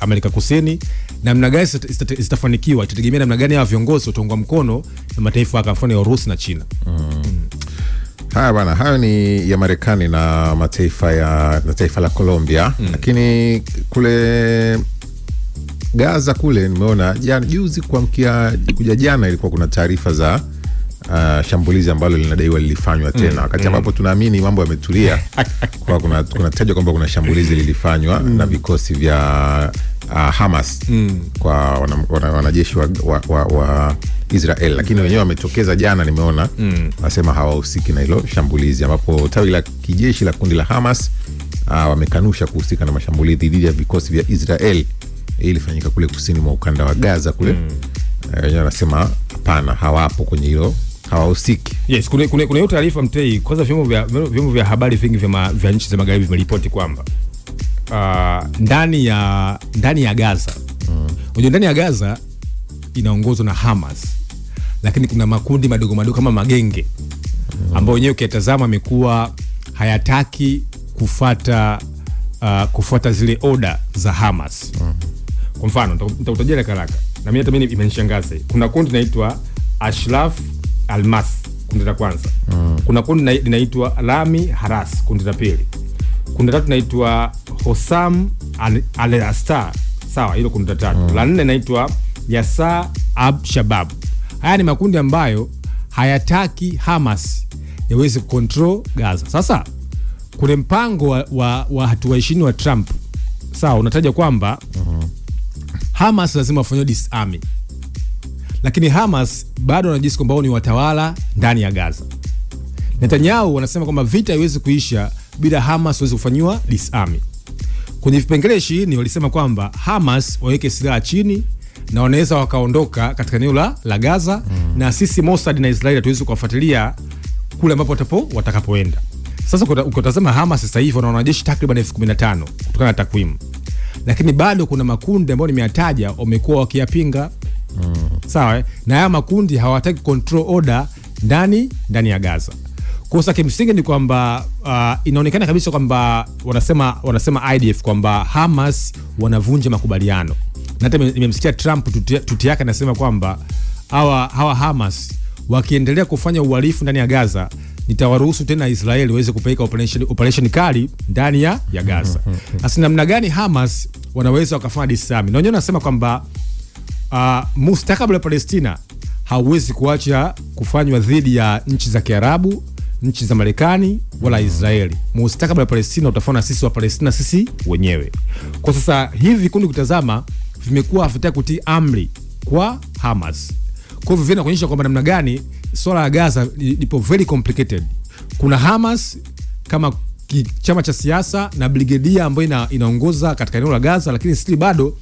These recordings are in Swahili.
Amerika Kusini, namna gani zitafanikiwa itategemea namna gani hawa viongozi wataungwa mkono na mataifa kama mfano ya Urusi na China. Mm. Haya bana, hayo ni ya Marekani na mataifa ya na taifa la Colombia. Mm. Lakini kule Gaza kule nimeona jana juzi kuamkia kuja jana ilikuwa kuna taarifa za uh, shambulizi ambalo linadaiwa lilifanywa tena mm, wakati mm. ambapo mm. tunaamini mambo yametulia kwa kuna kunatajwa kwamba kuna shambulizi lilifanywa mm. na vikosi vya uh, Hamas mm. kwa wanajeshi wana, wana wa, wa, wa Israel, lakini wenyewe wametokeza jana, nimeona wanasema mm. hawahusiki na hilo shambulizi, ambapo tawi la kijeshi la kundi la Hamas uh, wamekanusha kuhusika na mashambulizi dhidi ya vikosi vya Israel ilifanyika kule kusini mwa ukanda wa Gaza kule mm. Uh, wenyewe wanasema hapana, hawapo kwenye hilo hawahusiki. Yes, kuna kuna hiyo taarifa mtei. Kwanza vyombo vya vyombo vya habari vingi vya, vya nchi za magharibi vimeripoti kwamba uh, ndani ya ndani ya Gaza mm. unajua mm. ndani ya Gaza inaongozwa na Hamas, lakini kuna makundi madogo madogo kama magenge mm. ambayo wenyewe ukiyatazama amekuwa hayataki kufata uh, ah, kufuata zile oda za Hamas mm. kwa mfano nitakutajia haraka na mimi hata mimi imenishangaza. Kuna kundi inaitwa Ashraf Almas kundi la kwanza mm. Kuna kundi linaitwa lami Haras, kundi la pili. Kundi la tatu linaitwa Hosam Al Astar, sawa, hilo kundi la tatu mm. La nne linaitwa Yasa Ab Shabab. Haya ni makundi ambayo hayataki Hamas yaweze control Gaza. Sasa kule mpango wa, wa, wa hatua ishirini wa Trump, sawa, unataja kwamba mm -hmm. Hamas lazima wafanyiwe disarm lakini Hamas bado wanajisi kwamba wao ni watawala ndani ya Gaza. Netanyahu wanasema kwamba vita haiwezi kuisha bila Hamas waweze kufanyiwa disarmi. Kwenye vipengele ishirini walisema kwamba Hamas waweke silaha chini na wanaweza wakaondoka katika eneo la Gaza mm. na sisi Mossad na Israeli hatuwezi kuwafuatilia kule ambapo watapo watakapoenda. Sasa ukiwatazama Hamas sasa hivi wana wanajeshi takriban elfu kumi na tano kutokana na takwimu, lakini bado kuna makundi ambayo nimeyataja wamekuwa wakiyapinga mm. Sawa, eh? na haya makundi hawataki control order ndani ndani ya Gaza. Kosa kimsingi ni kwamba uh, inaonekana kabisa kwamba wanasema wanasema IDF kwamba Hamas wanavunja makubaliano, na hata nimemsikia Trump tuti, yake anasema kwamba hawa hawa Hamas wakiendelea kufanya uhalifu ndani ya Gaza nitawaruhusu tena Israeli waweze kupeleka operation, operation kali ndani ya Gaza. Sasa mm-hmm. namna gani Hamas wanaweza wakafanya disarm? Na wenyewe wanasema kwamba uh, mustakabali wa Palestina hauwezi kuacha kufanywa dhidi ya nchi za Kiarabu, nchi za Marekani wala hmm. Israeli. Mustakabali wa Palestina utafanya sisi wa Palestina sisi wenyewe. Kwa sasa hivi vikundi kutazama vimekuwa havitaki kutii amri kwa Hamas. Kwa hivyo vinaonyesha kwamba namna gani swala la Gaza lipo very complicated. Kuna Hamas kama chama cha siasa na brigedia ambayo inaongoza katika eneo la Gaza, lakini still bado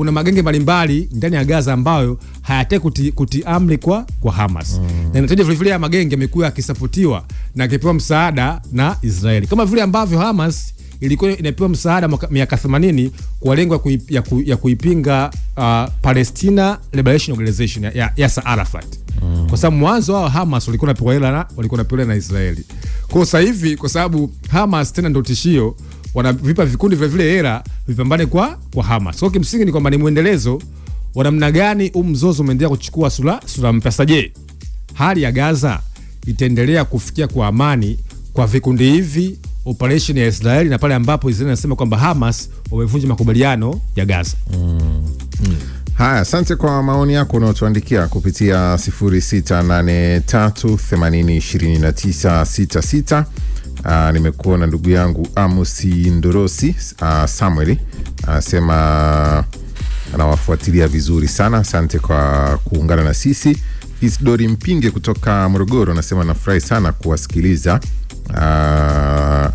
kuna magenge mbalimbali ndani ya Gaza ambayo hayataki kuti, kuti amri kwa, kwa Hamas mm. na inataja vilevile ya magenge yamekuwa yakisapotiwa na akipewa msaada na Israeli kama vile ambavyo Hamas ilikuwa inapewa msaada miaka 80 kwa lengo ya, ku, ya kuipinga uh, Palestina Liberation Organization ya Yasser Arafat mm. kwa sababu mwanzo wao Hamas walikuwa napewa hela na walikuwa wanapewa na Israeli. Kwa sasa hivi kwa sababu Hamas tena ndio tishio wanavipa vikundi vile vile hela vipambane kwa kwa Hamas. Kwa kimsingi ni kwamba ni mwendelezo wa namna gani huu mzozo umeendelea kuchukua sura sura mpya. Sasa je, hali ya Gaza itaendelea kufikia kwa amani kwa vikundi hivi, operation ya Israeli na pale ambapo Israeli inasema kwamba Hamas wamevunja makubaliano ya Gaza? Mm. Mm. Haya, asante kwa maoni yako unaotuandikia kupitia 0683802966 Uh, nimekuwa na ndugu yangu Amosi Ndorosi uh, Samuel anasema uh, anawafuatilia vizuri sana. Asante kwa kuungana na sisi. Isidori Mpinge kutoka Morogoro anasema nafurahi sana kuwasikiliza uh,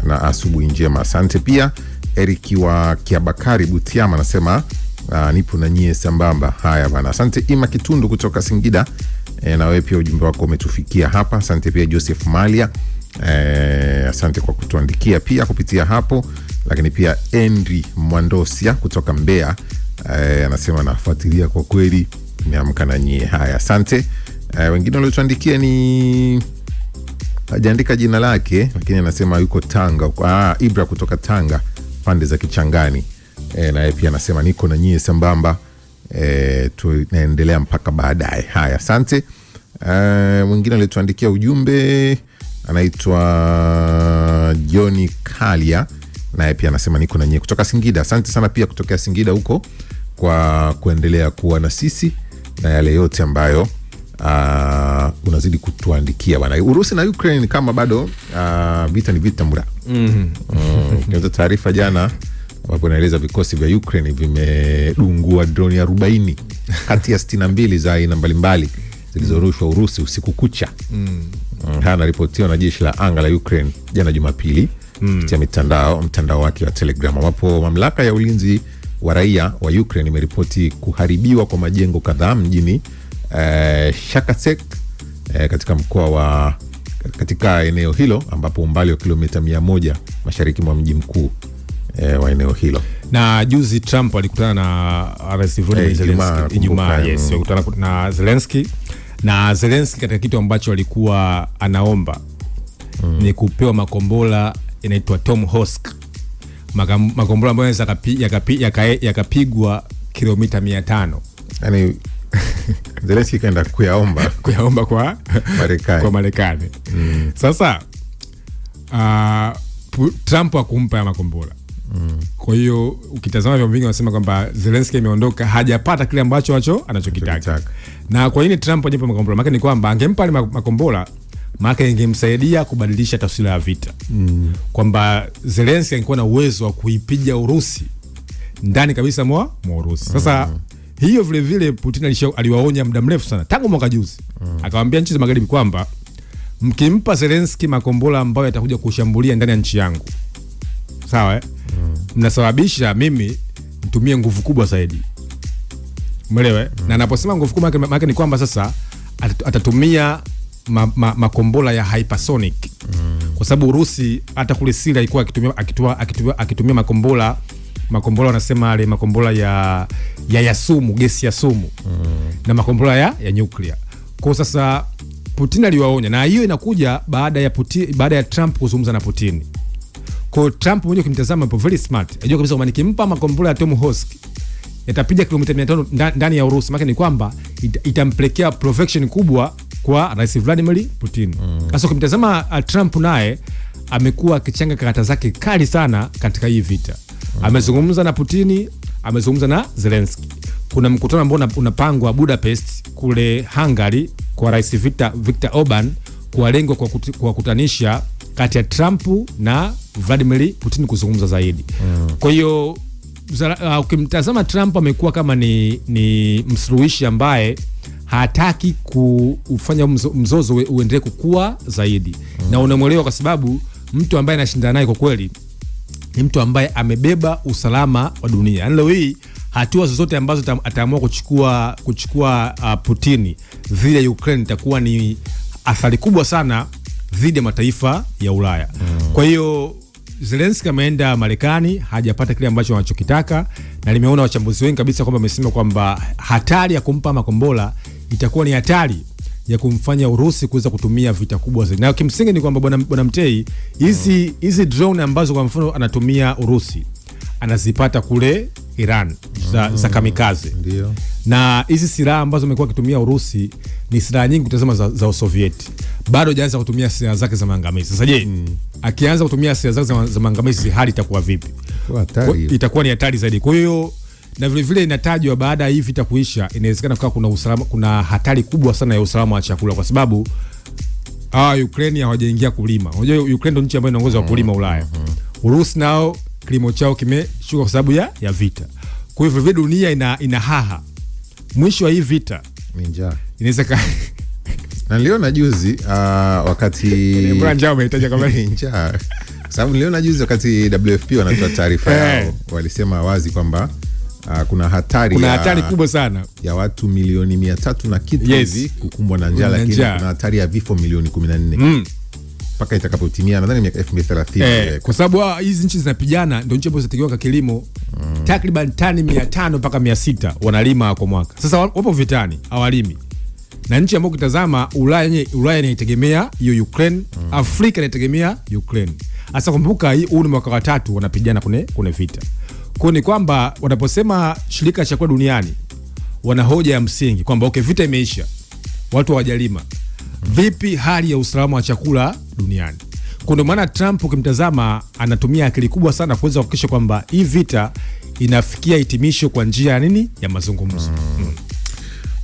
na asubuhi njema. Asante pia Eric wa Kiabakari Butiama anasema uh, nipo na nyie sambamba. Haya bana, asante Ima Kitundu kutoka Singida e, na wewe pia ujumbe wako umetufikia hapa. Asante pia Joseph Malia Eh, asante kwa kutuandikia pia kupitia hapo, lakini pia Henry Mwandosia kutoka Mbeya eh, anasema nafuatilia kwa kweli, nimeamka na nyie. Haya, asante. Eh, wengine waliotuandikia ni hajaandika jina lake, lakini anasema yuko Tanga. Ah, Ibra kutoka Tanga pande za Kichangani eh, naye pia anasema niko na nyie sambamba. E, tunaendelea mpaka baadaye. Haya, asante. E, mwingine alituandikia ujumbe anaitwa John Kalia, naye pia anasema niko nanyie kutoka Singida. Asante sana pia kutokea Singida huko kwa kuendelea kuwa na sisi na yale yote ambayo uh, unazidi kutuandikia bana. Urusi na Ukraine kama bado uh, vita ni vita mura mm -hmm. uh, taarifa jana ambapo inaeleza vikosi vya Ukraine vimedungua droni arobaini kati ya sitini na mbili za aina mbalimbali zilizorushwa Urusi usiku kucha. mm. Haya anaripotiwa na jeshi la anga la Ukraine jana Jumapili mm. kupitia mm. mitandao mtandao wake wa Telegram ambapo mamlaka ya ulinzi wa raia wa Ukraine imeripoti kuharibiwa kwa majengo kadhaa mjini eh, Shakasek eh, katika mkoa wa katika eneo hilo ambapo umbali wa kilomita mia moja mashariki mwa mji mkuu E, wa eneo hilo. Na juzi Trump alikutana na Rais Volodymyr eh, Ijumaa, yes, alikutana na Zelenski na Zelensky katika kitu ambacho alikuwa anaomba mm. ni kupewa makombora tom Tomahawk, makombora ambayo yanaweza yakapigwa kilomita mia tano yani Zelensky kaenda kuyaomba kuyaomba kwa Marekani kwa Marekani mm. Sasa uh, Trump akumpa ya makombora Mm. Kwa hiyo ukitazama vyombo vingi wanasema kwamba Zelensky ameondoka hajapata kile ambacho wacho anachokitaka. Na kwa nini Trump hajampa makombora? Maana ni kwamba angempa makombora maana ingemsaidia kubadilisha taswira ya vita. Mm. Kwamba Zelensky angekuwa na uwezo wa kuipiga Urusi ndani kabisa mwa mwa Urusi. Sasa mm. Hiyo vile vile Putin aliwaonya muda mrefu sana tangu mwaka juzi. Mm. Akawaambia nchi za magharibi kwamba mkimpa Zelensky makombora ambayo yatakuja kushambulia ndani ya nchi yangu. Sawa eh? mnasababisha mimi mtumie nguvu kubwa zaidi mwelewe eh? mm. na naposema nguvu kubwa maake ni kwamba sasa atatumia ma, ma, makombola ya hypersonic mm. kwa sababu Urusi hata kule Syria ilikuwa akitumia, akitumia, akitumia, akitumia makombola makombola wanasema ale makombola ya, ya ya sumu gesi ya sumu mm. na makombola ya, ya nyuklia kwao. Sasa Putin aliwaonya, na hiyo inakuja baada ya Putin, baada ya Trump kuzungumza na Putin kwa Trump mwenyewe ukimtazama hapo very smart. Anajua kabisa kwamba nikimpa makombora ya Tom Hursk yatapiga kilomita 500 ndani ya Urusi. Maana ni kwamba it, itampelekea provocation kubwa kwa Rais Vladimir Putin. Mm. Sasa mm. ukimtazama uh, Trump naye amekuwa akichanga karata zake kali sana katika hii vita. Mm. Amezungumza na Putin, amezungumza na Zelensky. Kuna mkutano ambao unapangwa Budapest kule Hungary kwa Rais Viktor Viktor Orban kwa lengo kwa kutanisha kati ya Trump na Vladimir Putin kuzungumza zaidi mm. Kwa hiyo uh, ukimtazama uh, Trump amekuwa kama ni, ni msuluhishi ambaye hataki kufanya mzozo uendelee kukua zaidi mm. Na unamwelewa kwa sababu mtu ambaye anashindana naye kwa kweli ni mtu ambaye amebeba usalama wa dunia. Yani leo hii hatua zozote ambazo ataamua kuchukua, kuchukua uh, Putini dhidi ya Ukraine itakuwa ni athari kubwa sana dhidi ya mataifa ya Ulaya mm. Kwa hiyo Zelensky ameenda Marekani, hajapata kile ambacho wanachokitaka, na limeona wachambuzi wengi kabisa kwamba amesema kwamba hatari ya kumpa makombola itakuwa ni hatari ya kumfanya Urusi kuweza kutumia vita kubwa zaidi. Na kimsingi ni kwamba bwana Mtei, hizi hizi drone ambazo kwa mfano anatumia Urusi anazipata kule Iran za, mm, za kamikaze Ndiyo. Na hizi silaha ambazo amekuwa akitumia Urusi ni silaha nyingi kutazama za, za Usovieti, bado hajaanza kutumia silaha zake za maangamizi. Sasa je, mm, akianza kutumia silaha zake za, za maangamizi hali itakuwa vipi? Itakuwa ni hatari zaidi. Kwa hiyo na vilevile inatajwa baada ya hii vita kuisha, inawezekana kukawa kuna usalama, kuna hatari kubwa sana ya usalama wa chakula kwa sababu hawa Ukraine hawajaingia kulima. Unajua Ukraine ndio nchi ambayo inaongoza wa kulima mm, Ulaya. Mm, mm. Urusi nao kilimo chao kimeshuka kwa sababu ya, ya vita. Kwa hivyo vile dunia ina, ina haha, mwisho wa hii vita ni inaweza ka... na niliona juzi uh, wakati njaa kama njaa sababu niliona juzi wakati WFP wanatoa taarifa eh. yao walisema wazi kwamba Uh, kuna hatari kuna hatari ya, kubwa sana ya watu milioni mia tatu na kitu hivi yes, kukumbwa na njaa, lakini kuna hatari ya vifo milioni kumi na nne. Mm mpaka itakapotimia nadhani miaka 2030 eh, kwa sababu ah, hizi nchi zinapigana, ndio nchi ambazo zinategemewa kwa kilimo mm. takriban tani 500 mpaka 600 wanalima kwa mwaka. Sasa wapo vitani, hawalimi na nchi ambayo ukitazama Ulaya, yenye Ulaya inaitegemea hiyo Ukraine mm. Afrika inaitegemea Ukraine. Sasa kumbuka, hii huu ni mwaka wa tatu wanapigana kune kune vita, kwa ni kwamba wanaposema shirika la chakula duniani wana hoja ya msingi kwamba okay, vita imeisha, watu hawajalima vipi hali ya usalama wa chakula duniani. Kwa ndio maana Trump ukimtazama, anatumia akili kubwa sana kuweza kuhakikisha kwamba hii vita inafikia hitimisho kwa njia ya nini, ya mazungumzo mm. mm.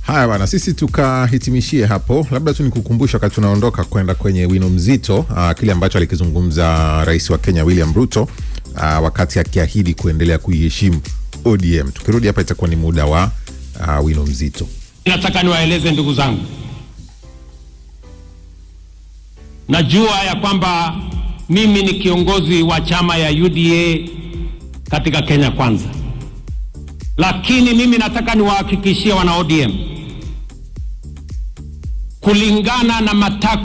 Haya bana, sisi tukahitimishie hapo. Labda tu nikukumbusha, wakati tunaondoka kwenda kwenye wino mzito, uh, kile ambacho alikizungumza rais wa Kenya William Ruto uh, wakati akiahidi kuendelea kuiheshimu ODM. Tukirudi hapa itakuwa ni muda wa uh, wino mzito. Nataka niwaeleze ndugu zangu Najua ya kwamba mimi ni kiongozi wa chama ya UDA katika Kenya Kwanza, lakini mimi nataka niwahakikishie wana ODM kulingana na matakwa